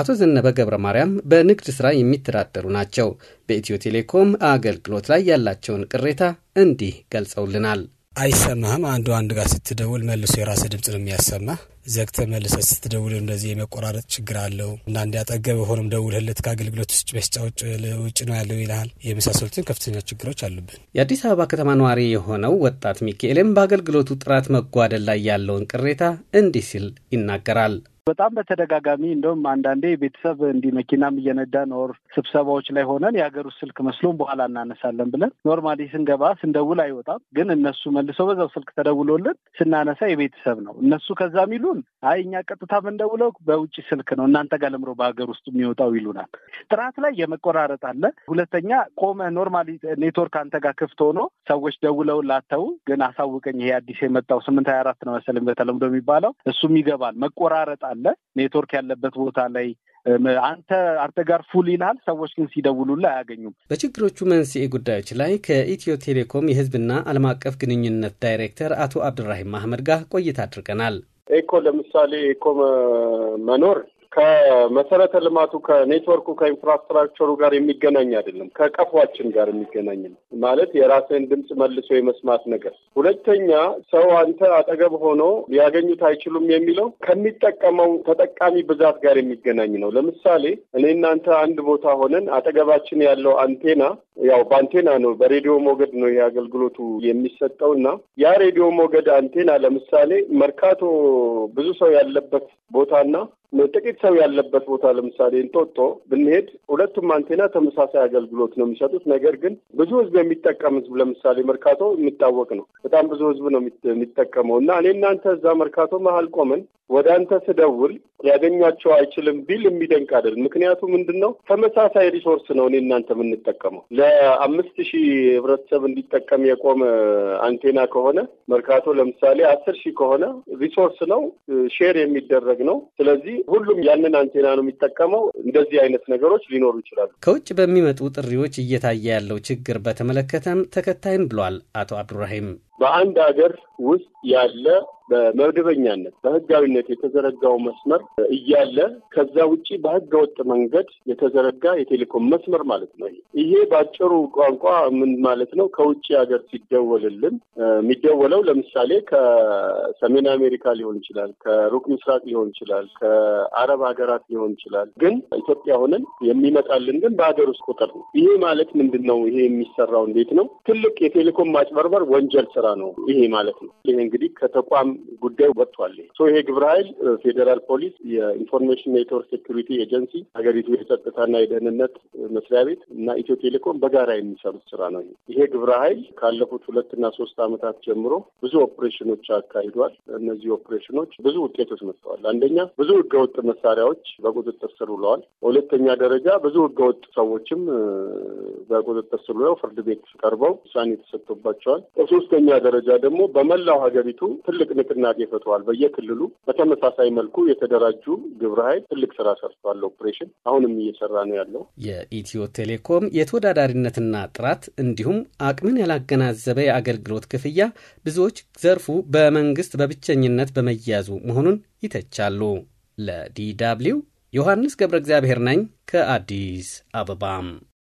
አቶ ዘነበ ገብረ ማርያም በንግድ ሥራ የሚተዳደሩ ናቸው። በኢትዮ ቴሌኮም አገልግሎት ላይ ያላቸውን ቅሬታ እንዲህ ገልጸውልናል። አይሰማህም። አንዱ አንድ ጋር ስትደውል መልሶ የራሰ ድምፅ ነው የሚያሰማ። ዘግተ መልሰ ስትደውል እንደዚህ የመቆራረጥ ችግር አለው። አንዳንዴ ያጠገበ ሆኖም ደውልህለት ከአገልግሎት ውጭ በስጫ ውጭ ነው ያለው ይልሃል። የመሳሰሉትን ከፍተኛ ችግሮች አሉብን። የአዲስ አበባ ከተማ ነዋሪ የሆነው ወጣት ሚካኤልም በአገልግሎቱ ጥራት መጓደል ላይ ያለውን ቅሬታ እንዲህ ሲል ይናገራል። በጣም በተደጋጋሚ እንደውም አንዳንዴ ቤተሰብ እንዲህ መኪናም እየነዳ ኖር ስብሰባዎች ላይ ሆነን የሀገር ውስጥ ስልክ መስሎን በኋላ እናነሳለን ብለን ኖርማሊ ስንገባ ስንደውል አይወጣም። ግን እነሱ መልሰው በዛው ስልክ ተደውሎልን ስናነሳ የቤተሰብ ነው። እነሱ ከዛ ሚሉን አይ እኛ ቀጥታ ምንደውለው በውጭ ስልክ ነው እናንተ ጋር ለምሮ በሀገር ውስጥ የሚወጣው ይሉናል። ጥራት ላይ የመቆራረጥ አለ። ሁለተኛ ቆመ ኖርማሊ ኔትወርክ አንተ ጋር ክፍት ሆኖ ሰዎች ደውለው ላተው ግን አሳውቀኝ ይሄ አዲስ የመጣው ስምንት ሀያ አራት ነው መሰለኝ በተለምዶ የሚባለው እሱም ይገባል መቆራረጥ አለ። ኔትወርክ ያለበት ቦታ ላይ አንተ አንተ ጋር ፉል ይልሃል። ሰዎች ግን ሲደውሉልህ አያገኙም። በችግሮቹ መንስኤ ጉዳዮች ላይ ከኢትዮ ቴሌኮም የህዝብና ዓለም አቀፍ ግንኙነት ዳይሬክተር አቶ አብዱራሂም አህመድ ጋር ቆይታ አድርገናል። ኤኮ ለምሳሌ ኤኮ መኖር ከመሰረተ ልማቱ ከኔትወርኩ ከኢንፍራስትራክቸሩ ጋር የሚገናኝ አይደለም። ከቀፏችን ጋር የሚገናኝ ነው ማለት የራስህን ድምፅ መልሶ የመስማት ነገር። ሁለተኛ ሰው አንተ አጠገብ ሆኖ ሊያገኙት አይችሉም የሚለው ከሚጠቀመው ተጠቃሚ ብዛት ጋር የሚገናኝ ነው። ለምሳሌ እኔ እናንተ አንድ ቦታ ሆነን አጠገባችን ያለው አንቴና ያው በአንቴና ነው በሬዲዮ ሞገድ ነው ይሄ አገልግሎቱ የሚሰጠው እና ያ ሬዲዮ ሞገድ አንቴና ለምሳሌ መርካቶ ብዙ ሰው ያለበት ቦታና ጥቂት ሰው ያለበት ቦታ ለምሳሌ እንጦጦ ብንሄድ ሁለቱም አንቴና ተመሳሳይ አገልግሎት ነው የሚሰጡት። ነገር ግን ብዙ ህዝብ የሚጠቀም ህዝብ ለምሳሌ መርካቶ የሚታወቅ ነው። በጣም ብዙ ህዝብ ነው የሚጠቀመው እና እኔ እናንተ እዛ መርካቶ መሀል ቆመን ወደ አንተ ስደውል ሊያገኛቸው አይችልም ቢል የሚደንቅ አይደል። ምክንያቱ ምንድን ነው? ተመሳሳይ ሪሶርስ ነው እኔ እናንተ የምንጠቀመው። ለአምስት ሺህ ህብረተሰብ እንዲጠቀም የቆመ አንቴና ከሆነ መርካቶ ለምሳሌ አስር ሺህ ከሆነ ሪሶርስ ነው ሼር የሚደረግ ነው። ስለዚህ ሁሉም ያንን አንቴና ነው የሚጠቀመው። እንደዚህ አይነት ነገሮች ሊኖሩ ይችላሉ። ከውጭ በሚመጡ ጥሪዎች እየታየ ያለው ችግር በተመለከተም ተከታይም ብሏል አቶ አብዱራሂም በአንድ ሀገር ውስጥ ያለ በመደበኛነት በህጋዊነት የተዘረጋው መስመር እያለ ከዛ ውጭ በህገ ወጥ መንገድ የተዘረጋ የቴሌኮም መስመር ማለት ነው። ይሄ በአጭሩ ቋንቋ ምን ማለት ነው? ከውጭ ሀገር ሲደወልልን የሚደወለው ለምሳሌ ከሰሜን አሜሪካ ሊሆን ይችላል፣ ከሩቅ ምስራቅ ሊሆን ይችላል፣ ከአረብ ሀገራት ሊሆን ይችላል። ግን ኢትዮጵያ ሆነን የሚመጣልን ግን በሀገር ውስጥ ቁጥር ነው። ይሄ ማለት ምንድን ነው? ይሄ የሚሰራው እንዴት ነው? ትልቅ የቴሌኮም ማጭበርበር ወንጀል ስራ ስራ ነው ይሄ ማለት ነው። ይሄ እንግዲህ ከተቋም ጉዳይ ወጥቷል። ይሄ ግብረ ኃይል ፌዴራል ፖሊስ፣ የኢንፎርሜሽን ኔትወርክ ሴኩሪቲ ኤጀንሲ፣ ሀገሪቱ የጸጥታና የደህንነት መስሪያ ቤት እና ኢትዮ ቴሌኮም በጋራ የሚሰሩት ስራ ነው። ይሄ ግብረ ኃይል ካለፉት ሁለትና ሶስት ዓመታት ጀምሮ ብዙ ኦፕሬሽኖች አካሂዷል። እነዚህ ኦፕሬሽኖች ብዙ ውጤቶች መጥተዋል። አንደኛ ብዙ ህገወጥ መሳሪያዎች በቁጥጥር ስር ውለዋል። በሁለተኛ ደረጃ ብዙ ህገወጥ ሰዎችም በቁጥጥር ስር ውለው ፍርድ ቤት ቀርበው ውሳኔ ተሰጥቶባቸዋል። በሶስተኛ ደረጃ ደግሞ በመላው ሀገሪቱ ትልቅ ንቅናቄ ፈተዋል። በየክልሉ በተመሳሳይ መልኩ የተደራጁ ግብረ ኃይል ትልቅ ስራ ሰርቷል። ኦፕሬሽን አሁንም እየሰራ ነው ያለው የኢትዮ ቴሌኮም የተወዳዳሪነትና ጥራት እንዲሁም አቅምን ያላገናዘበ የአገልግሎት ክፍያ ብዙዎች ዘርፉ በመንግስት በብቸኝነት በመያዙ መሆኑን ይተቻሉ። ለዲ ደብልዩ ዮሐንስ ገብረ እግዚአብሔር ነኝ ከአዲስ አበባም